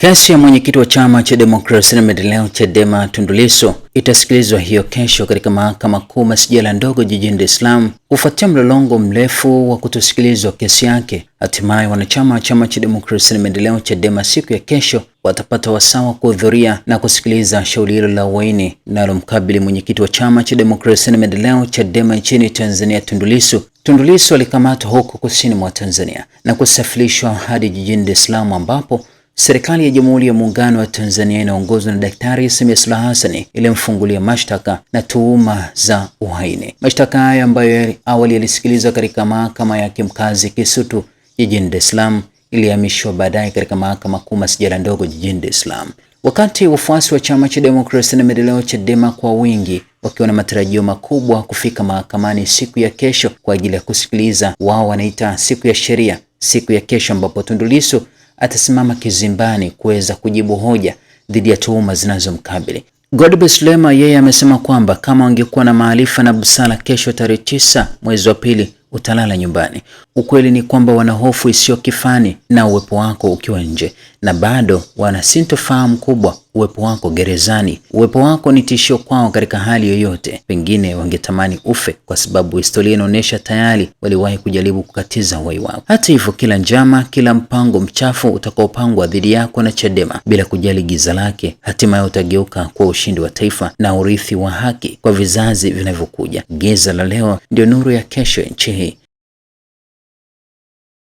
Kesi ya mwenyekiti wa chama cha demokrasia na maendeleo Chadema Tundu Lissu itasikilizwa hiyo kesho katika mahakama kuu masijala ndogo jijini Dar es Salaam kufuatia mlolongo mrefu wa kutosikilizwa kesi yake. Hatimaye wanachama wa chama cha demokrasia na maendeleo Chadema siku ya kesho watapata wasaa wa kuhudhuria na kusikiliza shauri hilo la uhaini linalomkabili mwenyekiti wa chama cha demokrasia na maendeleo Chadema nchini Tanzania Tundu Lissu. Tundu Lissu alikamatwa huko kusini mwa Tanzania na kusafirishwa hadi jijini Dar es Salaam ambapo Serikali ya Jamhuri ya Muungano wa Tanzania inaongozwa na Daktari Samia Suluhu Hassan ilimfungulia mashtaka na tuhuma za uhaini. Mashtaka haya ambayo awali yalisikilizwa katika mahakama ya kimkazi Kisutu jijini Dar es Salaam ilihamishwa baadaye katika mahakama kuu masijala ndogo jijini Dar es Salaam. Wakati wafuasi wa chama cha demokrasia na maendeleo Chadema kwa wingi wakiwa na matarajio makubwa kufika mahakamani siku ya kesho kwa ajili ya kusikiliza wao wanaita siku ya sheria, siku ya kesho ambapo Tundu Lissu atasimama kizimbani kuweza kujibu hoja dhidi ya tuhuma zinazomkabili. Godbless Lema yeye amesema kwamba kama wangekuwa na maarifa na busara, kesho tarehe tisa mwezi wa pili utalala nyumbani. Ukweli ni kwamba wana hofu isiyo kifani na uwepo wako ukiwa nje, na bado wana sintofahamu kubwa uwepo wako gerezani. Uwepo wako ni tishio kwao katika hali yoyote. Pengine wangetamani ufe, kwa sababu historia inaonyesha tayari waliwahi kujaribu kukatiza uhai wako. Hata hivyo, kila njama, kila mpango mchafu utakaopangwa dhidi yako na Chadema, bila kujali giza lake, hatimaye utageuka kuwa ushindi wa taifa na urithi wa haki kwa vizazi vinavyokuja. Giza la leo ndio nuru ya kesho ya nchi hii.